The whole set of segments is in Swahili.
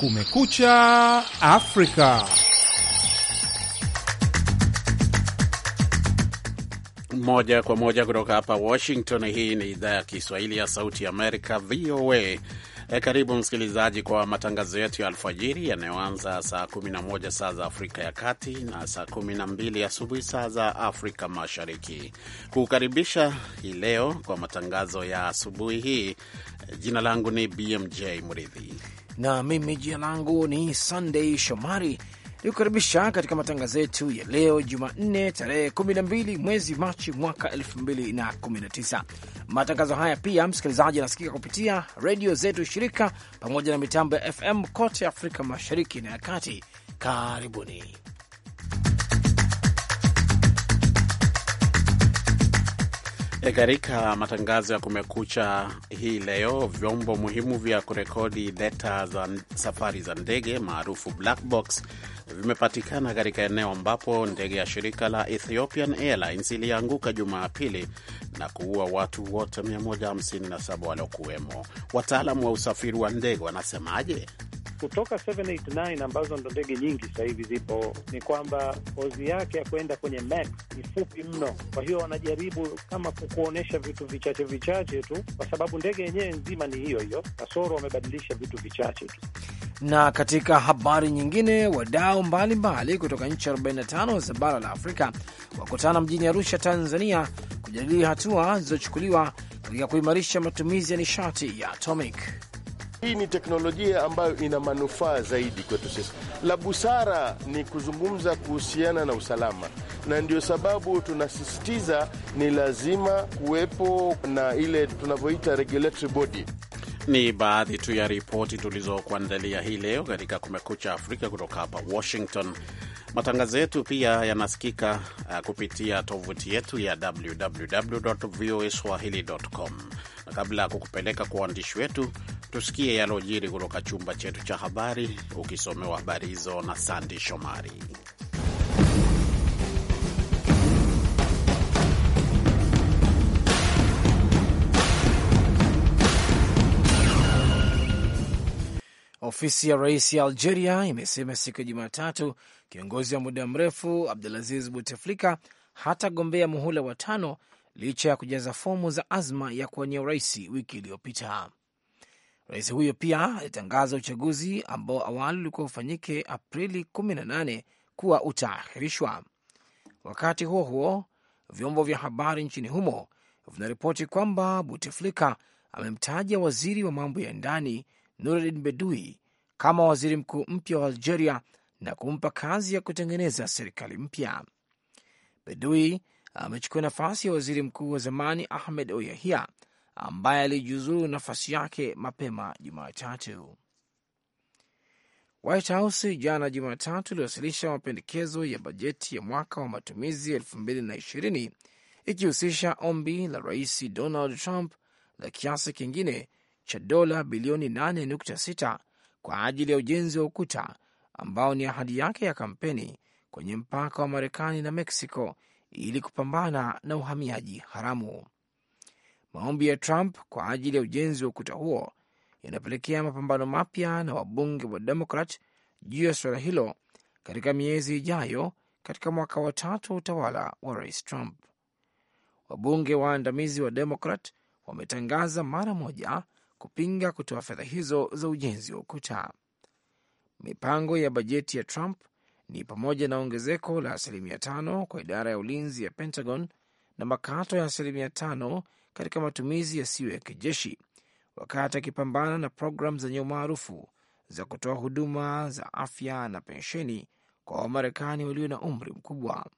Kumekucha Afrika. Moja kwa moja kutoka hapa Washington. Hii ni idhaa ya Kiswahili ya Sauti ya Amerika, VOA. E, karibu msikilizaji kwa matangazo yetu ya alfajiri yanayoanza saa 11 saa za Afrika ya Kati na saa 12 asubuhi saa za Afrika Mashariki. Kukaribisha hii leo kwa matangazo ya asubuhi hii, jina langu ni BMJ Mridhi na mimi jina langu ni Sunday Shomari nikukaribisha katika matangazo yetu ya leo Jumanne tarehe 12 mwezi Machi mwaka 2019. Matangazo haya pia, msikilizaji, anasikika kupitia redio zetu shirika pamoja na mitambo ya FM kote Afrika Mashariki na ya Kati. Karibuni. E, katika matangazo ya Kumekucha hii leo, vyombo muhimu vya kurekodi data za safari za ndege maarufu black box vimepatikana katika eneo ambapo ndege ya shirika la Ethiopian Airlines ilianguka Jumapili na kuua watu wote 157 waliokuwemo. Wataalamu wa usafiri wa ndege wanasemaje? kutoka 789 ambazo ndo ndege nyingi sasa hivi zipo, ni kwamba ozi yake ya kwenda kwenye max ni fupi mno. Kwa hiyo wanajaribu kama kukuonyesha vitu vichache vichache tu, kwa sababu ndege yenyewe nzima ni hiyo hiyo, kasoro wamebadilisha vitu vichache tu. Na katika habari nyingine, wadau mbalimbali kutoka nchi 45 za bara la Afrika wakutana mjini Arusha, Tanzania, kujadili hatua zilizochukuliwa katika kuimarisha matumizi ya nishati ya atomic. Hii ni teknolojia ambayo ina manufaa zaidi kwetu sisi. La busara ni kuzungumza kuhusiana na usalama, na ndio sababu tunasisitiza ni lazima kuwepo na ile tunavyoita regulatory body. Ni baadhi tu ya ripoti tulizokuandalia hii leo katika Kumekucha Afrika kutoka hapa Washington. Matangazo yetu pia yanasikika uh, kupitia tovuti yetu ya www voa swahili com, na kabla ya kukupeleka kwa waandishi wetu Tusikie yalojiri kutoka chumba chetu cha habari, ukisomewa habari hizo na Sandi Shomari. Ofisi ya rais ya Algeria imesema siku ya Jumatatu kiongozi wa muda mrefu Abdulaziz Buteflika hatagombea muhula wa tano licha ya kujaza fomu za azma ya kuwania urais wiki iliyopita. Rais huyo pia alitangaza uchaguzi ambao awali ulikuwa ufanyike Aprili 18 kuwa utaahirishwa. Wakati huo huo, vyombo vya habari nchini humo vinaripoti kwamba Buteflika amemtaja waziri wa mambo ya ndani nuredin Bedui kama waziri mkuu mpya wa Algeria na kumpa kazi ya kutengeneza serikali mpya. Bedui amechukua nafasi ya waziri mkuu wa zamani Ahmed Oyahia ambaye alijiuzulu nafasi yake mapema Jumatatu. White House jana Jumatatu iliwasilisha mapendekezo ya bajeti ya mwaka wa matumizi 2020 ikihusisha ombi la rais Donald Trump la kiasi kingine cha dola bilioni 8.6 kwa ajili ya ujenzi wa ukuta ambao ni ahadi yake ya kampeni kwenye mpaka wa Marekani na Mexico ili kupambana na uhamiaji haramu. Maombi ya Trump kwa ajili ya ujenzi wa ukuta huo yanapelekea mapambano mapya na wabunge wa Demokrat juu ya suala hilo katika miezi ijayo, katika mwaka wa tatu wa utawala wa Rais Trump. Wabunge waandamizi wa Demokrat wametangaza mara moja kupinga kutoa fedha hizo za ujenzi wa ukuta. Mipango ya bajeti ya Trump ni pamoja na ongezeko la asilimia tano kwa idara ya ulinzi ya Pentagon na makato ya asilimia tano katika matumizi yasiyo ya kijeshi wakati akipambana na programu zenye umaarufu za kutoa huduma za afya na pensheni kwa Wamarekani walio na umri mkubwa.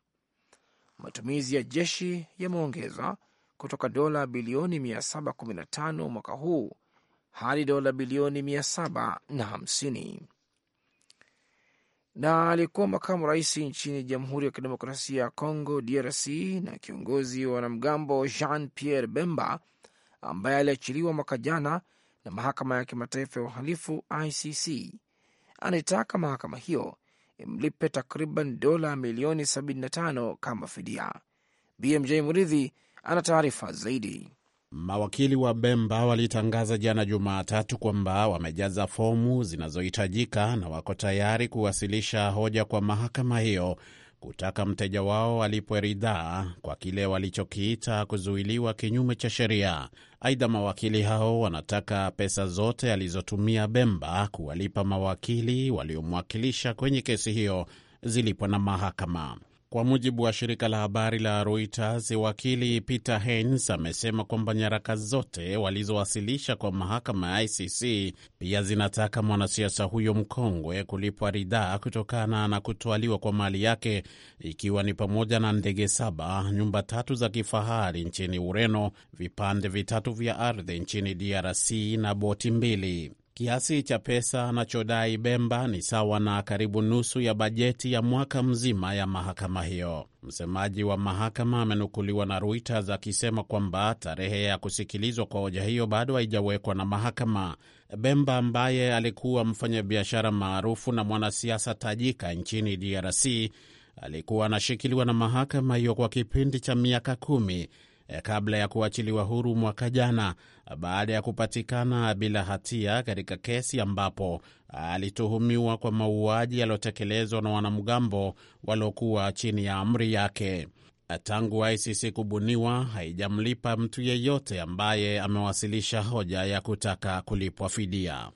Matumizi ya jeshi yameongezwa kutoka dola bilioni 715 mwaka huu hadi dola bilioni 750 na aliyekuwa makamu rais nchini Jamhuri ya Kidemokrasia ya Kongo, DRC, na kiongozi wa wanamgambo Jean Pierre Bemba ambaye aliachiliwa mwaka jana na mahakama ya kimataifa ya uhalifu ICC anaitaka mahakama hiyo imlipe takriban dola milioni 75 kama fidia. BMJ Muridhi ana taarifa zaidi. Mawakili wa Bemba walitangaza jana Jumatatu kwamba wamejaza fomu zinazohitajika na wako tayari kuwasilisha hoja kwa mahakama hiyo kutaka mteja wao alipwe ridhaa kwa kile walichokiita kuzuiliwa kinyume cha sheria. Aidha, mawakili hao wanataka pesa zote alizotumia Bemba kuwalipa mawakili waliomwakilisha kwenye kesi hiyo zilipo na mahakama. Kwa mujibu wa shirika la habari la Reuters, wakili Peter Haines amesema kwamba nyaraka zote walizowasilisha kwa mahakama ya ICC pia zinataka mwanasiasa huyo mkongwe kulipwa ridhaa kutokana na kutwaliwa kwa mali yake, ikiwa ni pamoja na ndege saba, nyumba tatu za kifahari nchini Ureno, vipande vitatu vya ardhi nchini DRC na boti mbili. Kiasi cha pesa anachodai Bemba ni sawa na karibu nusu ya bajeti ya mwaka mzima ya mahakama hiyo. Msemaji wa mahakama amenukuliwa na Reuters akisema kwamba tarehe ya kusikilizwa kwa hoja hiyo bado haijawekwa na mahakama. Bemba ambaye alikuwa mfanyabiashara maarufu na mwanasiasa tajika nchini DRC alikuwa anashikiliwa na mahakama hiyo kwa kipindi cha miaka kumi Eh, kabla ya kuachiliwa huru mwaka jana baada ya kupatikana bila hatia katika kesi ambapo alituhumiwa kwa mauaji yaliyotekelezwa na wanamgambo waliokuwa chini ya amri yake. Tangu ICC kubuniwa haijamlipa mtu yeyote ambaye amewasilisha hoja ya kutaka kulipwa fidia.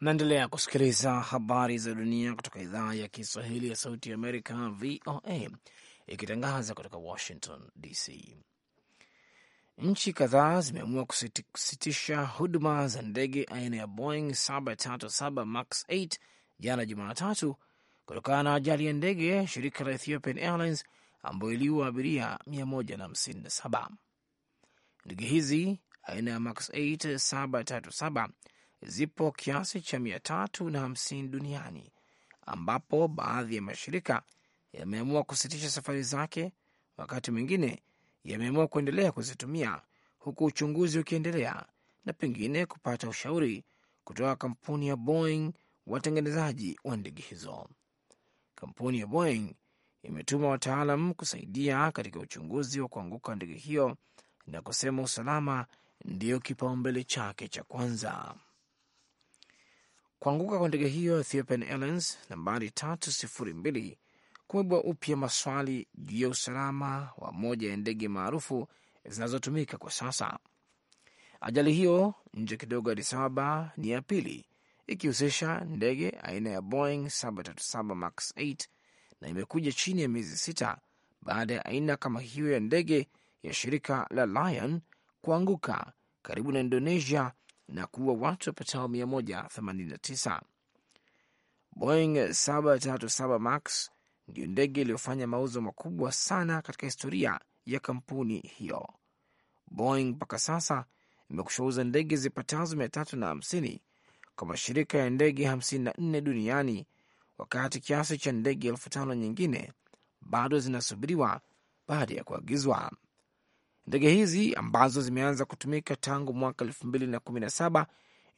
Mnaendelea kusikiliza habari za dunia kutoka idhaa ya Kiswahili ya Sauti ya Amerika, VOA, ikitangaza kutoka Washington DC. Nchi kadhaa zimeamua kusitisha huduma za ndege aina ya Boeing 737 max 8 jana Jumatatu kutokana na ajali ya ndege ya shirika la Ethiopian Airlines ambayo iliua abiria 157. Ndege hizi aina ya max 8 737 zipo kiasi cha 350 duniani, ambapo baadhi ya mashirika yameamua kusitisha safari zake, wakati mwingine yameamua kuendelea kuzitumia huku uchunguzi ukiendelea na pengine kupata ushauri kutoka kampuni ya Boeing, watengenezaji wa ndege hizo. Kampuni ya Boeing imetuma wataalam kusaidia katika uchunguzi wa kuanguka ndege hiyo na kusema usalama ndiyo kipaumbele chake cha kwanza. Kuanguka kwa ndege hiyo Ethiopian Airlines nambari mbili kumebua upya maswali juu ya usalama wa moja ya ndege maarufu zinazotumika kwa sasa. Ajali hiyo nje kidogo Addis Ababa ni ya pili, ikihusisha ndege aina ya Boeing 737 Max 8 na imekuja chini ya miezi sita baada ya aina kama hiyo ya ndege ya shirika la Lion kuanguka karibu na Indonesia na kuua watu wapatao 189. Boeing 737 Max ndiyo ndege iliyofanya mauzo makubwa sana katika historia ya kampuni hiyo. Boeing mpaka sasa imekushauza ndege zipatazo mia tatu na hamsini kwa mashirika ya ndege 54 duniani, wakati kiasi cha ndege elfu tano nyingine bado zinasubiriwa baada ya kuagizwa. Ndege hizi ambazo zimeanza kutumika tangu mwaka 2017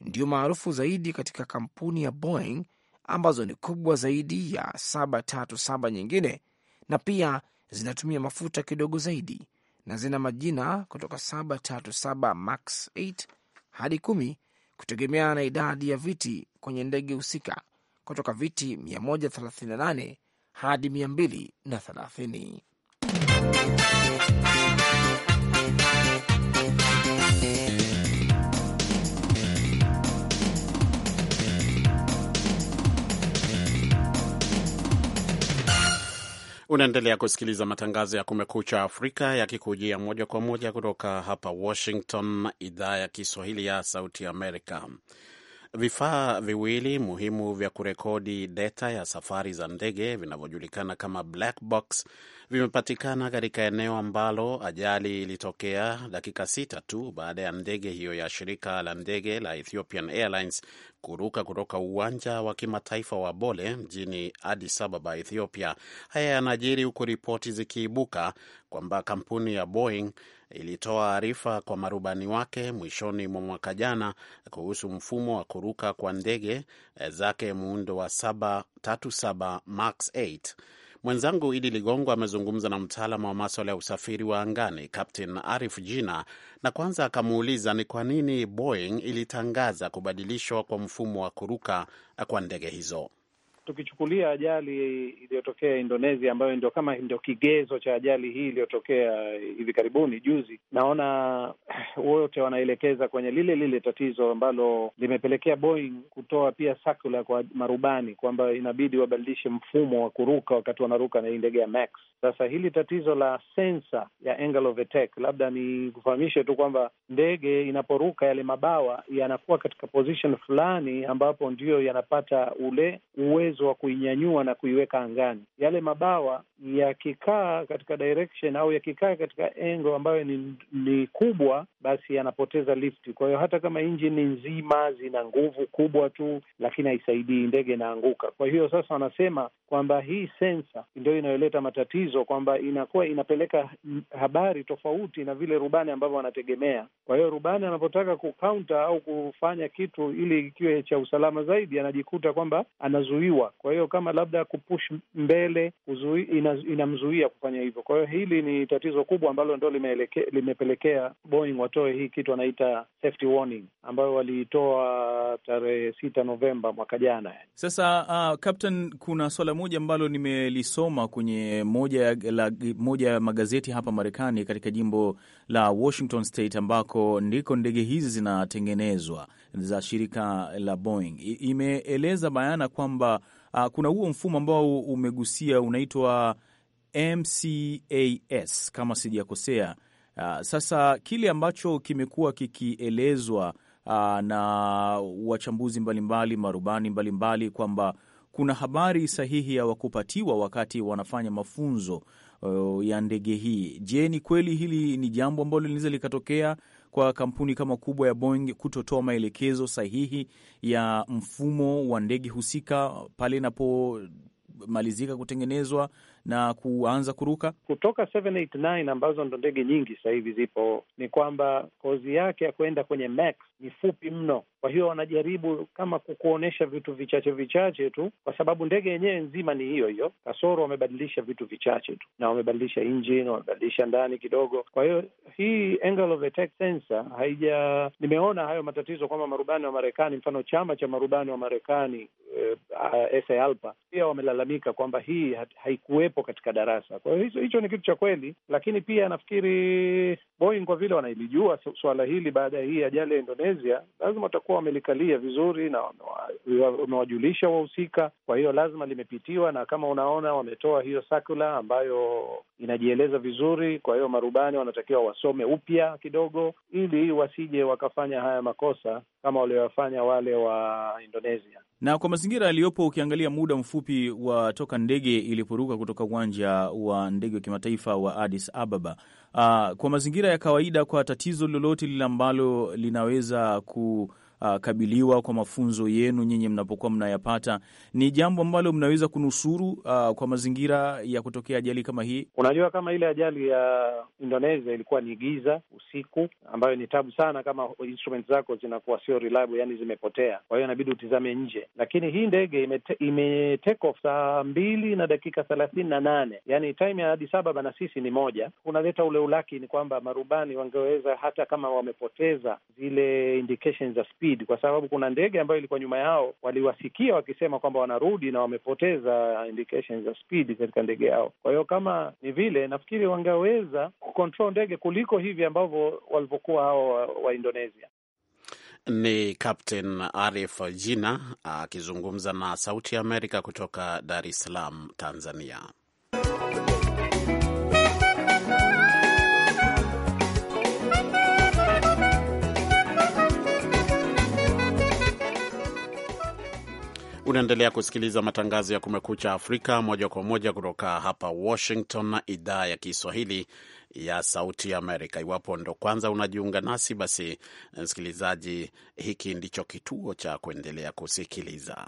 ndio maarufu zaidi katika kampuni ya Boeing ambazo ni kubwa zaidi ya 737 nyingine na pia zinatumia mafuta kidogo zaidi na zina majina kutoka 737 max 8 hadi 10 kutegemeana na idadi ya viti kwenye ndege husika kutoka viti 138 hadi 230. Unaendelea kusikiliza matangazo ya Kumekucha Afrika yakikujia moja kwa moja kutoka hapa Washington, idhaa ya Kiswahili ya Sauti Amerika. Vifaa viwili muhimu vya kurekodi deta ya safari za ndege vinavyojulikana kama black box vimepatikana katika eneo ambalo ajali ilitokea dakika sita tu baada ya ndege hiyo ya shirika la ndege la Ethiopian Airlines kuruka kutoka uwanja wa kimataifa wa Bole mjini Addis Ababa, Ethiopia. Haya yanajiri huku ripoti zikiibuka kwamba kampuni ya Boeing ilitoa arifa kwa marubani wake mwishoni mwa mwaka jana kuhusu mfumo wa kuruka kwa ndege eh, zake muundo wa 737 Max 8. Mwenzangu Idi Ligongo amezungumza na mtaalamu wa maswala ya usafiri wa angani Captain Arif Jina, na kwanza akamuuliza ni kwa nini Boeing ilitangaza kubadilishwa kwa mfumo wa kuruka eh, kwa ndege hizo tukichukulia ajali iliyotokea Indonesia ambayo ndio kama ndio kigezo cha ajali hii iliyotokea hivi karibuni juzi, naona wote wanaelekeza kwenye lile lile tatizo ambalo limepelekea Boeing kutoa pia sakula kwa marubani kwamba inabidi wabadilishe mfumo wa kuruka wakati wanaruka na hii ndege ya Max. Sasa hili tatizo la sensa ya angle of attack, labda ni kufahamishe tu kwamba ndege inaporuka yale mabawa yanakuwa katika position fulani ambapo ndiyo yanapata ule uwezo uwezo wa kuinyanyua na kuiweka angani. Yale mabawa yakikaa katika direction au yakikaa katika engo ambayo ni, ni kubwa, basi yanapoteza lifti. Kwa hiyo hata kama injini nzima zina nguvu kubwa tu, lakini haisaidii, ndege inaanguka. Kwa hiyo sasa wanasema kwamba hii sensa ndio inayoleta matatizo, kwamba inakuwa inapeleka habari tofauti na vile rubani ambavyo wanategemea. Kwa hiyo rubani anapotaka kukaunta au kufanya kitu ili ikiwe cha usalama zaidi, anajikuta kwamba anazuiwa kukua. Kwa hiyo kama labda kupush mbele inamzuia inamzuia kufanya hivyo. Kwa hiyo hili ni tatizo kubwa ambalo ndo limepelekea Boeing watoe hii kitu wanaita safety warning ambayo waliitoa tarehe sita Novemba mwaka jana. Sasa uh, Captain, kuna swala moja ambalo nimelisoma kwenye moja ya moja ya magazeti hapa Marekani katika jimbo la Washington State ambako ndiko ndege hizi zinatengenezwa za shirika la Boeing, imeeleza bayana kwamba uh, kuna huo mfumo ambao umegusia unaitwa MCAS kama sijakosea. Uh, sasa kile ambacho kimekuwa kikielezwa uh, na wachambuzi mbalimbali mbali, marubani mbalimbali kwamba kuna habari sahihi ya wakupatiwa wakati wanafanya mafunzo uh, ya ndege hii. Je, ni kweli hili ni jambo ambalo linaweza likatokea kwa kampuni kama kubwa ya Boeing kutotoa maelekezo sahihi ya mfumo wa ndege husika pale inapomalizika kutengenezwa na kuanza kuruka kutoka 789 ambazo ndo ndege nyingi sasa hivi zipo. Ni kwamba kozi yake ya kuenda kwenye max ni fupi mno, kwa hiyo wanajaribu kama kukuonyesha vitu vichache vichache tu, kwa sababu ndege yenyewe nzima ni hiyo hiyo, kasoro wamebadilisha vitu vichache tu, na wamebadilisha injini, wamebadilisha ndani kidogo. Kwa hiyo hii angle of attack sensor haija, nimeona hayo matatizo kwamba marubani wa Marekani, mfano chama cha marubani wa Marekani eh, SAALPA pia wamelalamika kwamba hii haikuwepo kuwepo katika darasa. Kwa hiyo hicho ni kitu cha kweli, lakini pia nafikiri Boeing kwa vile wanailijua su suala hili baada ya hii ajali ya Indonesia, lazima watakuwa wamelikalia vizuri na wamewajulisha wahusika. Kwa hiyo lazima limepitiwa, na kama unaona wametoa hiyo sakula ambayo inajieleza vizuri. Kwa hiyo marubani wanatakiwa wasome upya kidogo, ili wasije wakafanya haya makosa kama walioyafanya wale wa Indonesia. Na kwa mazingira yaliyopo, ukiangalia muda mfupi wa toka ndege iliporuka kutoka uwanja wa ndege wa kimataifa wa Addis Ababa, uh, kwa mazingira ya kawaida, kwa tatizo lolote lile ambalo linaweza ku kabiliwa kwa mafunzo yenu nyinyi mnapokuwa mnayapata, ni jambo ambalo mnaweza kunusuru uh, kwa mazingira ya kutokea ajali kama hii? Unajua, kama ile ajali ya Indonesia ilikuwa ni giza usiku, ambayo ni tabu sana kama instrument zako zinakuwa sio reliable, yani zimepotea, kwa hiyo inabidi utizame nje. Lakini hii ndege ime, take off saa mbili na dakika thelathini na nane yani time ya Addis Ababa na sisi ni moja. Kunaleta ule ulaki ni kwamba marubani wangeweza hata kama wamepoteza zile indications za speed speed, kwa sababu kuna ndege ambayo ilikuwa nyuma yao, waliwasikia wakisema kwamba wanarudi na wamepoteza indications za speed katika ndege yao. Kwa hiyo kama ni vile, nafikiri wangeweza kucontrol ndege kuliko hivi ambavyo walivyokuwa hao wa Indonesia. Ni Captain Arif Jina akizungumza na Sauti ya Amerika kutoka Dar es Salaam, Tanzania. Unaendelea kusikiliza matangazo ya Kumekucha Afrika moja kwa moja kutoka hapa Washington na idhaa ya Kiswahili ya Sauti ya Amerika. Iwapo ndo kwanza unajiunga nasi, basi eh, msikilizaji, hiki ndicho kituo cha kuendelea kusikiliza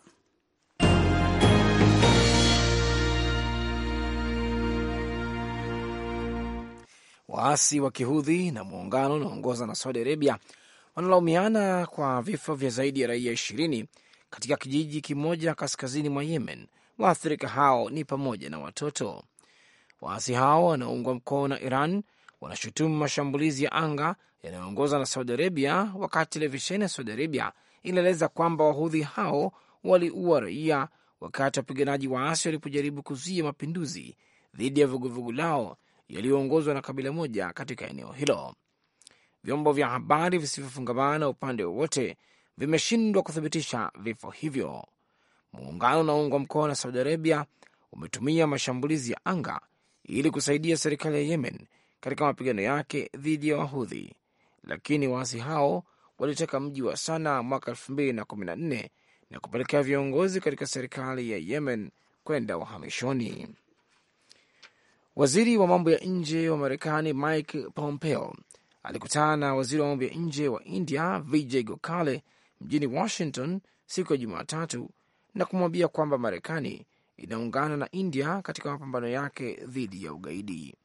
Waasi wa Kihudhi na muungano unaoongoza na Saudi Arabia wanalaumiana kwa vifo vya zaidi ya raia ishirini katika kijiji kimoja kaskazini mwa Yemen. Waathirika hao ni pamoja na watoto. Waasi hao wanaoungwa mkono na Iran wanashutumu mashambulizi ya anga yanayoongozwa na Saudi Arabia, wakati televisheni ya Saudi Arabia inaeleza kwamba wahudhi hao waliua raia wakati wapiganaji waasi walipojaribu kuzuia mapinduzi dhidi ya vuguvugu lao yaliyoongozwa na kabila moja katika eneo hilo. Vyombo vya habari visivyofungamana upande wowote vimeshindwa kuthibitisha vifo hivyo. Muungano unaoungwa mkono na Saudi Arabia umetumia mashambulizi ya anga ili kusaidia serikali ya Yemen katika mapigano yake dhidi ya Wahudhi, lakini waasi hao waliteka mji wa Sana mwaka 2014 na, na kupelekea viongozi katika serikali ya Yemen kwenda uhamishoni. Waziri wa mambo ya nje wa Marekani Mike Pompeo alikutana na waziri wa mambo ya nje wa India Vijay Gokale mjini Washington siku ya Jumatatu na kumwambia kwamba Marekani inaungana na India katika mapambano yake dhidi ya ugaidi.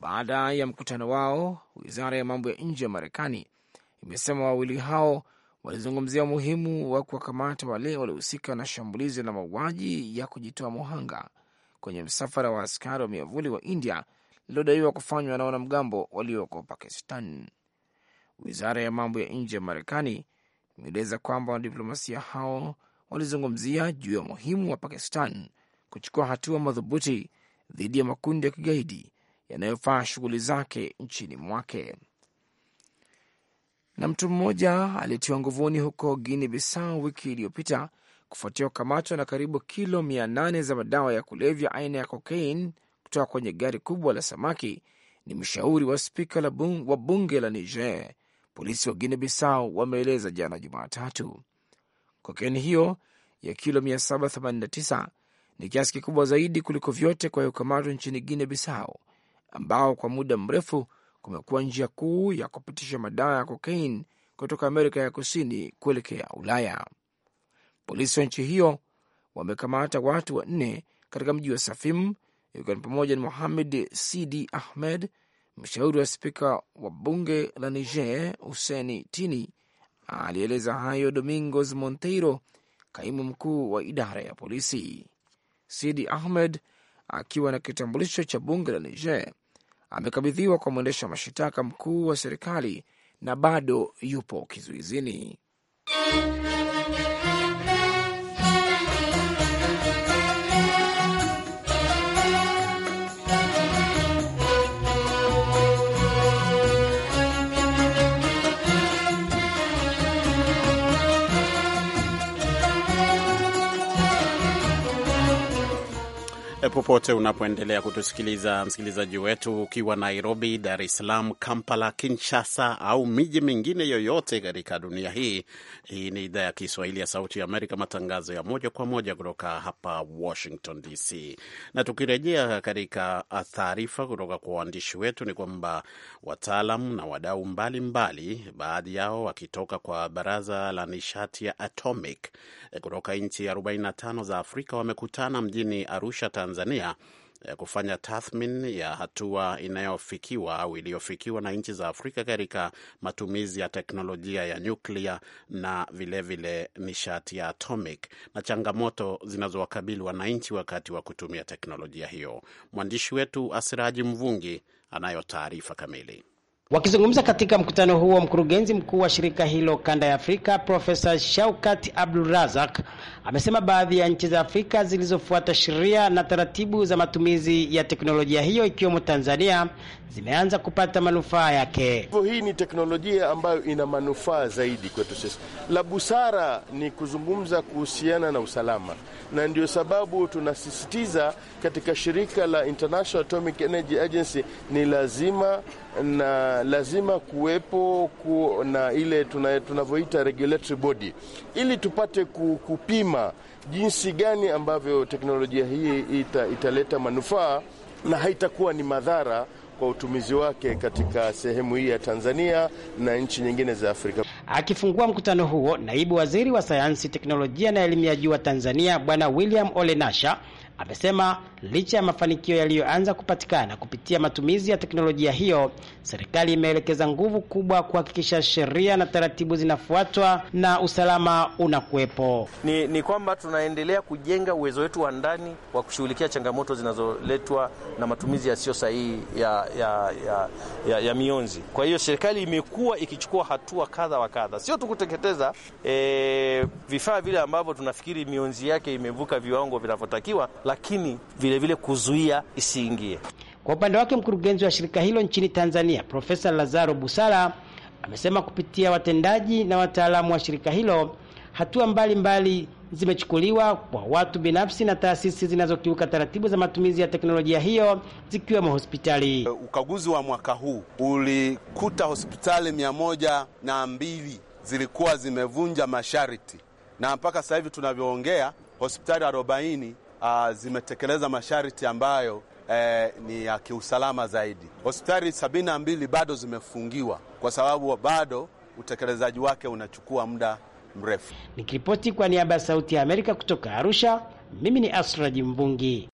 Baada ya mkutano wao, wizara ya mambo ya nje ya Marekani imesema wawili hao walizungumzia umuhimu wa kuwakamata wale waliohusika na shambulizi la mauaji ya kujitoa muhanga kwenye msafara wa askari wa miavuli wa India lililodaiwa kufanywa na wanamgambo walioko Pakistan. Wizara ya mambo ya nje ya Marekani imeeleza kwamba wanadiplomasia hao walizungumzia juu ya umuhimu wa Pakistan kuchukua hatua madhubuti dhidi ya makundi ya kigaidi yanayofaa shughuli zake nchini mwake. Na mtu mmoja aliyetiwa nguvuni huko Guinea Bissau wiki iliyopita kufuatia kukamatwa na karibu kilo mia nane za madawa ya kulevya aina ya kokain kutoka kwenye gari kubwa la samaki ni mshauri wa spika wa bunge la Niger polisi wa Guinea Bissau wameeleza jana Jumatatu. Kokeni hiyo ya kilo 789 ni kiasi kikubwa zaidi kuliko vyote kwa ukamatwa nchini Guinea Bissau, ambao kwa muda mrefu kumekuwa njia kuu ya kupitisha madawa ya kokaini kutoka Amerika ya Kusini kuelekea Ulaya. Polisi wa nchi hiyo wamekamata watu wanne katika mji wa safim ikiwa ni pamoja na muhamed Sidi Ahmed Mshauri wa spika wa bunge la Niger Huseni Tini alieleza hayo Domingos Monteiro, kaimu mkuu wa idara ya polisi. Sidi Ahmed akiwa na kitambulisho cha bunge la Niger amekabidhiwa kwa mwendesha mashitaka mkuu wa serikali na bado yupo kizuizini. popote unapoendelea kutusikiliza, msikilizaji wetu, ukiwa Nairobi, Dar es Salaam, Kampala, Kinshasa au miji mingine yoyote katika dunia hii, hii ni idhaa ya Kiswahili ya Sauti ya Amerika, matangazo ya moja kwa moja kutoka hapa Washington DC. Na tukirejea katika taarifa kutoka kwa waandishi wetu, ni kwamba wataalam na wadau mbalimbali, baadhi yao wakitoka kwa Baraza la Nishati ya Atomic eh, kutoka nchi 45 za Afrika wamekutana mjini Arusha, Tanzania Tanzania eh, kufanya tathmini ya hatua inayofikiwa au iliyofikiwa na nchi za Afrika katika matumizi ya teknolojia ya nyuklia na vilevile nishati ya atomic na changamoto zinazowakabili wananchi wakati wa kutumia teknolojia hiyo. Mwandishi wetu Asiraji Mvungi anayo taarifa kamili. Wakizungumza katika mkutano huo, mkurugenzi mkuu wa shirika hilo kanda ya Afrika Profesa Shaukat Abdulrazak amesema baadhi ya nchi za Afrika zilizofuata sheria na taratibu za matumizi ya teknolojia hiyo ikiwemo Tanzania zimeanza kupata manufaa yake. Hivyo hii ni teknolojia ambayo ina manufaa zaidi kwetu sisi. La busara ni kuzungumza kuhusiana na usalama, na ndio sababu tunasisitiza katika shirika la International Atomic Energy Agency ni lazima na lazima kuwepo ku, na ile tunavyoita regulatory body ili tupate kupima jinsi gani ambavyo teknolojia hii ita, italeta manufaa na haitakuwa ni madhara kwa utumizi wake katika sehemu hii ya Tanzania na nchi nyingine za Afrika. Akifungua mkutano huo, naibu waziri wa sayansi, teknolojia na elimu ya juu wa Tanzania Bwana William Ole Nasha amesema Licha ya mafanikio yaliyoanza kupatikana kupitia matumizi ya teknolojia hiyo, serikali imeelekeza nguvu kubwa kuhakikisha sheria na taratibu zinafuatwa na usalama unakuwepo. Ni, ni kwamba tunaendelea kujenga uwezo wetu wa ndani wa kushughulikia changamoto zinazoletwa na matumizi yasiyo sahihi ya, ya, ya, ya, ya mionzi. Kwa hiyo serikali imekuwa ikichukua hatua kadha wa kadha, sio tu kuteketeza e, vifaa vile ambavyo tunafikiri mionzi yake imevuka viwango vinavyotakiwa, lakini vile vilevile kuzuia isiingie. Kwa upande wake mkurugenzi wa shirika hilo nchini Tanzania Profesa Lazaro Busara amesema kupitia watendaji na wataalamu wa shirika hilo hatua mbalimbali mbali zimechukuliwa kwa watu binafsi na taasisi zinazokiuka taratibu za matumizi ya teknolojia hiyo zikiwemo hospitali. Ukaguzi wa mwaka huu ulikuta hospitali mia moja na mbili zilikuwa zimevunja masharti na mpaka sasa hivi tunavyoongea hospitali arobaini uh, zimetekeleza masharti ambayo eh, ni ya kiusalama zaidi. Hospitali sabini na mbili bado zimefungiwa kwa sababu bado utekelezaji wake unachukua muda mrefu. Nikiripoti kwa niaba ya Sauti ya Amerika kutoka Arusha, mimi ni Asraji Mvungi.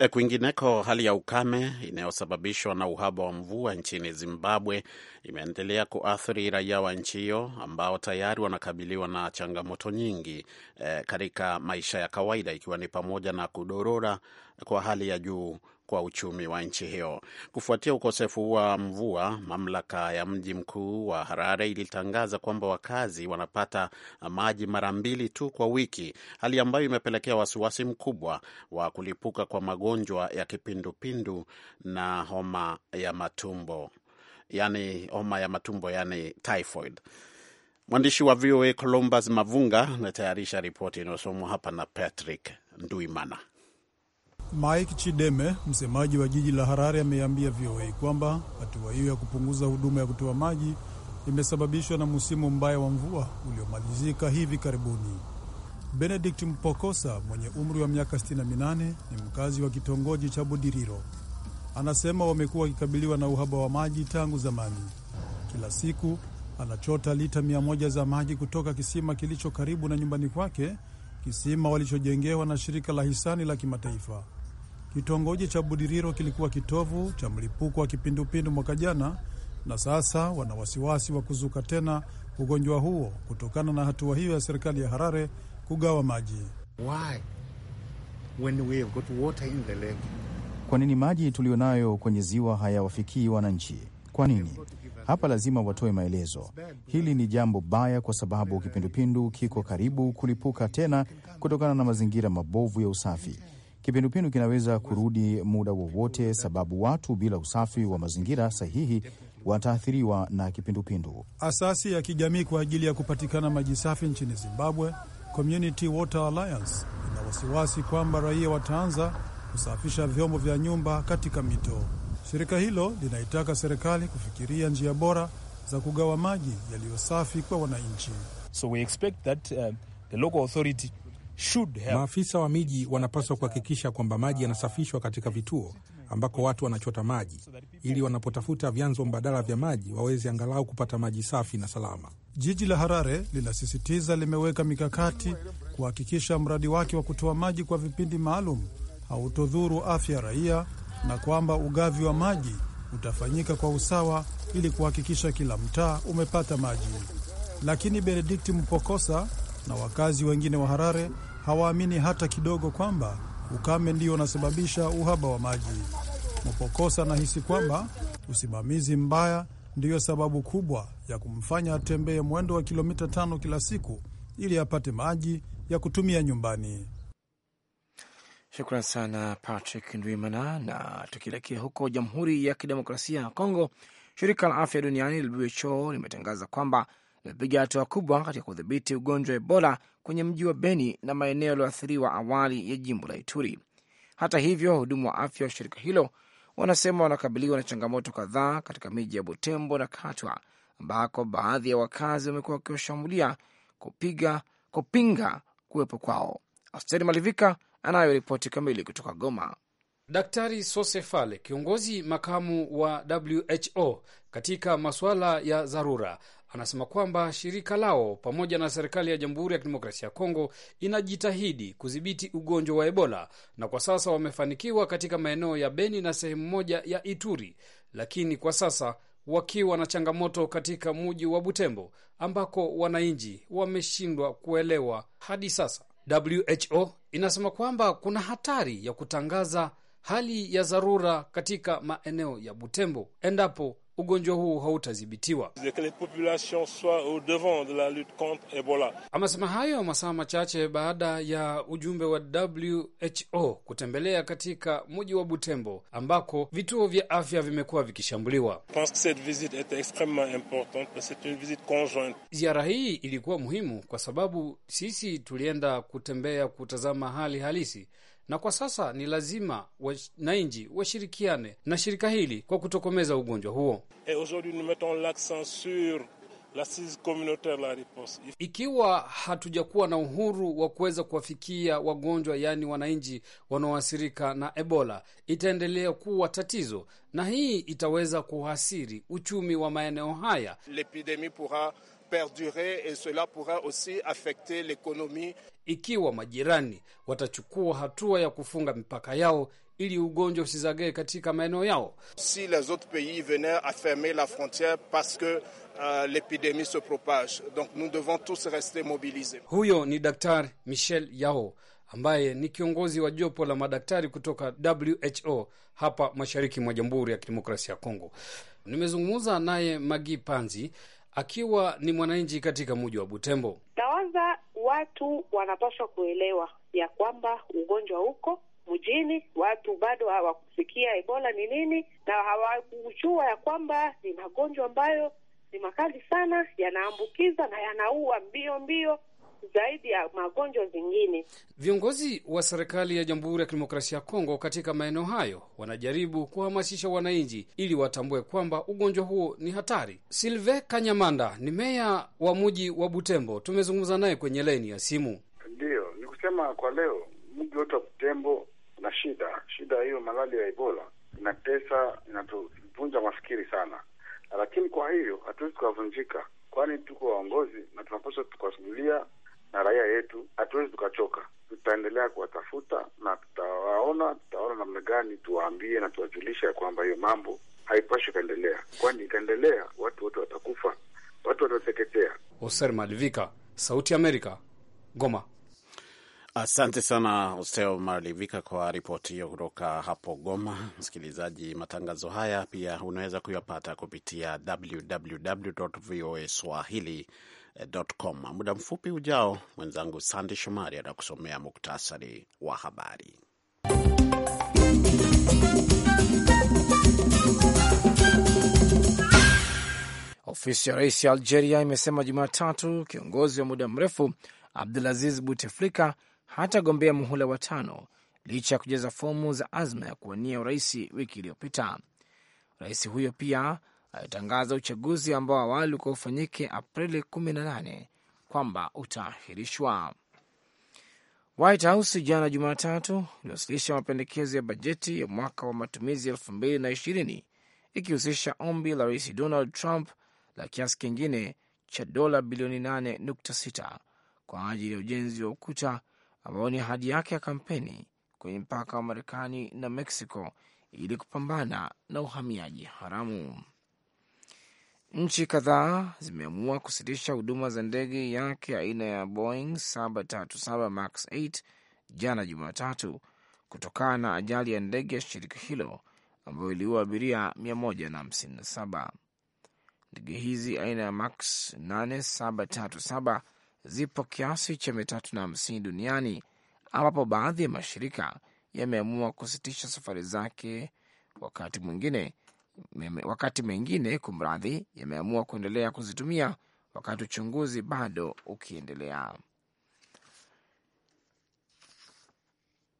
E, kwingineko, hali ya ukame inayosababishwa na uhaba wa mvua nchini Zimbabwe imeendelea kuathiri raia wa nchi hiyo ambao tayari wanakabiliwa na changamoto nyingi eh, katika maisha ya kawaida ikiwa ni pamoja na kudorora kwa hali ya juu kwa uchumi wa nchi hiyo. Kufuatia ukosefu wa mvua, mamlaka ya mji mkuu wa Harare ilitangaza kwamba wakazi wanapata maji mara mbili tu kwa wiki, hali ambayo imepelekea wasiwasi mkubwa wa kulipuka kwa magonjwa ya kipindupindu na homa ya matumbo, yani homa ya matumbo, yani typhoid. Mwandishi wa VOA Columbus Mavunga anatayarisha ripoti inayosomwa hapa na Patrick Nduimana. Mike Chideme, msemaji wa jiji la Harare, ameambia VOA kwamba hatua hiyo ya kupunguza huduma ya kutoa maji imesababishwa na msimu mbaya wa mvua uliomalizika hivi karibuni. Benedict Mpokosa mwenye umri wa miaka 68 ni mkazi wa kitongoji cha Budiriro. Anasema wamekuwa wakikabiliwa na uhaba wa maji tangu zamani. Kila siku anachota lita mia moja za maji kutoka kisima kilicho karibu na nyumbani kwake, kisima walichojengewa na shirika la hisani la kimataifa. Kitongoji cha Budiriro kilikuwa kitovu cha mlipuko wa kipindupindu mwaka jana, na sasa wana wasiwasi wa kuzuka tena ugonjwa huo kutokana na hatua hiyo ya serikali ya Harare kugawa maji. Why? When we have got water in the lake. Kwa nini maji tuliyonayo kwenye ziwa hayawafikii wananchi? Kwa nini? Hapa lazima watoe maelezo. Hili ni jambo baya, kwa sababu kipindupindu kiko karibu kulipuka tena kutokana na mazingira mabovu ya usafi. Kipindupindu kinaweza kurudi muda wowote, sababu watu bila usafi wa mazingira sahihi wataathiriwa na kipindupindu. Asasi ya kijamii kwa ajili ya kupatikana maji safi nchini Zimbabwe, Community Water Alliance, ina wasiwasi kwamba raia wataanza kusafisha vyombo vya nyumba katika mito. Shirika hilo linaitaka serikali kufikiria njia bora za kugawa maji yaliyo safi kwa wananchi. So we expect that, uh, the local authority Maafisa wa miji wanapaswa kuhakikisha kwamba maji yanasafishwa katika vituo ambako watu wanachota maji ili wanapotafuta vyanzo mbadala vya maji waweze angalau kupata maji safi na salama. Jiji la Harare linasisitiza limeweka mikakati kuhakikisha mradi wake wa kutoa maji kwa vipindi maalum hautodhuru afya ya raia na kwamba ugavi wa maji utafanyika kwa usawa ili kuhakikisha kila mtaa umepata maji. Lakini Benedikti Mpokosa na wakazi wengine wa Harare hawaamini hata kidogo kwamba ukame ndio unasababisha uhaba wa maji. Mpokosa anahisi kwamba usimamizi mbaya ndiyo sababu kubwa ya kumfanya atembee mwendo wa kilomita tano kila siku ili apate maji ya kutumia nyumbani. Shukran sana Patrick Ndwimana. Na tukielekea huko Jamhuri ya Kidemokrasia ya Kongo, shirika la afya duniani WHO limetangaza kwamba imepiga hatua kubwa katika kudhibiti ugonjwa wa Ebola kwenye mji wa Beni na maeneo yaliyoathiriwa awali ya jimbo la Ituri. Hata hivyo, wahudumu wa afya wa shirika hilo wanasema wanakabiliwa na changamoto kadhaa katika miji ya Butembo na Katwa ambako baadhi ya wakazi wamekuwa wakiwashambulia kupiga kupinga kuwepo kwao. Asteri Malivika anayo ripoti kamili kutoka Goma. Daktari Sosefale, kiongozi makamu wa WHO katika masuala ya dharura, anasema kwamba shirika lao pamoja na serikali ya Jamhuri ya Kidemokrasia ya Kongo inajitahidi kudhibiti ugonjwa wa Ebola na kwa sasa wamefanikiwa katika maeneo ya Beni na sehemu moja ya Ituri, lakini kwa sasa wakiwa na changamoto katika muji wa Butembo ambako wananchi wameshindwa kuelewa hadi sasa. WHO inasema kwamba kuna hatari ya kutangaza hali ya dharura katika maeneo ya Butembo endapo ugonjwa huu hautadhibitiwa. Amesema hayo masaa machache baada ya ujumbe wa WHO kutembelea katika mji wa Butembo ambako vituo vya afya vimekuwa vikishambuliwa. Ziara hii ilikuwa muhimu kwa sababu sisi tulienda kutembea kutazama hali halisi na kwa sasa ni lazima wananchi washirikiane na shirika hili kwa kutokomeza ugonjwa huo. Ikiwa hatujakuwa na uhuru wa kuweza kuwafikia wagonjwa, yaani wananchi wanaoathirika na Ebola, itaendelea kuwa tatizo, na hii itaweza kuhasiri uchumi wa maeneo haya. L'epidemie pourra perdurer et cela pourra aussi affecter l'économie. Ikiwa majirani watachukua hatua ya kufunga mipaka yao ili ugonjwa usizagee katika maeneo yao. Si les autres pays venaient à fermer la frontière parce que uh, l'épidémie se propage. Donc nous devons tous rester mobilisés. Huyo ni Daktari Michel Yao ambaye ni kiongozi wa jopo la madaktari kutoka WHO hapa mashariki mwa Jamhuri ya Kidemokrasia ya Kongo. Nimezungumza naye Magi Panzi akiwa ni mwananchi katika mji wa Butembo. Nawaza watu wanapaswa kuelewa ya kwamba ugonjwa huko mjini watu bado hawakusikia Ebola ni nini, na hawakujua ya kwamba ni magonjwa ambayo ni makali sana, yanaambukiza na yanaua mbio mbio, zaidi ya magonjwa zingine. Viongozi wa serikali ya Jamhuri ya Kidemokrasia ya Kongo katika maeneo hayo wanajaribu kuhamasisha wananchi ili watambue kwamba ugonjwa huo ni hatari. Silve Kanyamanda ni meya wa mji wa Butembo, tumezungumza naye kwenye laini ya simu. Ndiyo, ni kusema kwa leo mji wote wa Butembo na shida shida hiyo malaria ya Ebola inatesa, inatuvunja mafikiri sana, lakini kwa hiyo hatuwezi tukavunjika, kwani tuko waongozi na tunapaswa tukasugulia na raia yetu, hatuwezi tukachoka. Tutaendelea kuwatafuta na tutawaona, tutaona namna gani tuwaambie na tuwajulisha ya kwamba hiyo mambo haipashi ikaendelea, kwani ikaendelea watu wote watakufa, watu watateketea. Hoser Malivika, Sauti Amerika, Goma. Asante sana Hostel Malivika kwa ripoti hiyo kutoka hapo Goma. Msikilizaji, matangazo haya pia unaweza kuyapata kupitia www voa swahili com. Muda mfupi ujao, mwenzangu Sande Shomari atakusomea muktasari wa habari. Ofisi ya rais ya Algeria imesema Jumatatu kiongozi wa muda mrefu Abdulaziz Buteflika hatagombea muhula wa tano licha ya kujaza fomu za azma ya kuwania urais wiki iliyopita. Rais huyo pia alitangaza uchaguzi ambao awali ulikuwa ufanyike Aprili 18 kwamba utaahirishwa. White House jana Jumatatu iliwasilisha mapendekezo ya bajeti ya mwaka wa matumizi elfu ikihusisha ombi la rais Donald Trump la kiasi kingine cha dola bilioni 8.6 kwa ajili ya ujenzi wa ukuta ambao ni ahadi yake ya kampeni kwenye mpaka wa Marekani na Mexico ili kupambana na uhamiaji haramu. Nchi kadhaa zimeamua kusitisha huduma za ndege yake aina ya Boeing 737 Max 8 jana Jumatatu kutokana na ajali ya ndege ya shirika hilo ambayo iliua abiria 157. Ndege hizi aina ya Max 8737 zipo kiasi cha hamsini duniani ambapo baadhi ya mashirika yameamua kusitisha safari zake, wakati mwingine wakati mengine kumradhi, yameamua kuendelea kuzitumia wakati uchunguzi bado ukiendelea.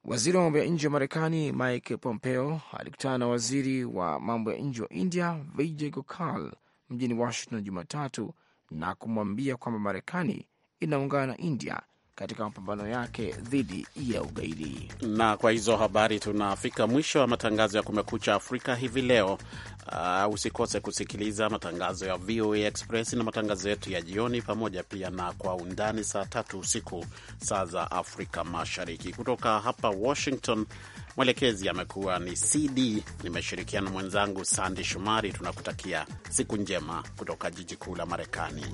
Waziri wa mambo ya nje wa Marekani Mike Pompeo alikutana na waziri wa mambo ya nje wa India Vijay Gokal mjini Washington Jumatatu na kumwambia kwamba Marekani inaungana na India katika mapambano yake dhidi ya ugaidi. Na kwa hizo habari tunafika mwisho wa matangazo ya Kumekucha Afrika hivi leo. Uh, usikose kusikiliza matangazo ya VOA Express na matangazo yetu ya jioni, pamoja pia na Kwa Undani saa tatu usiku saa za Afrika Mashariki. Kutoka hapa Washington, mwelekezi amekuwa ni CD, nimeshirikiana mwenzangu Sandi Shumari. Tunakutakia siku njema kutoka jiji kuu la Marekani.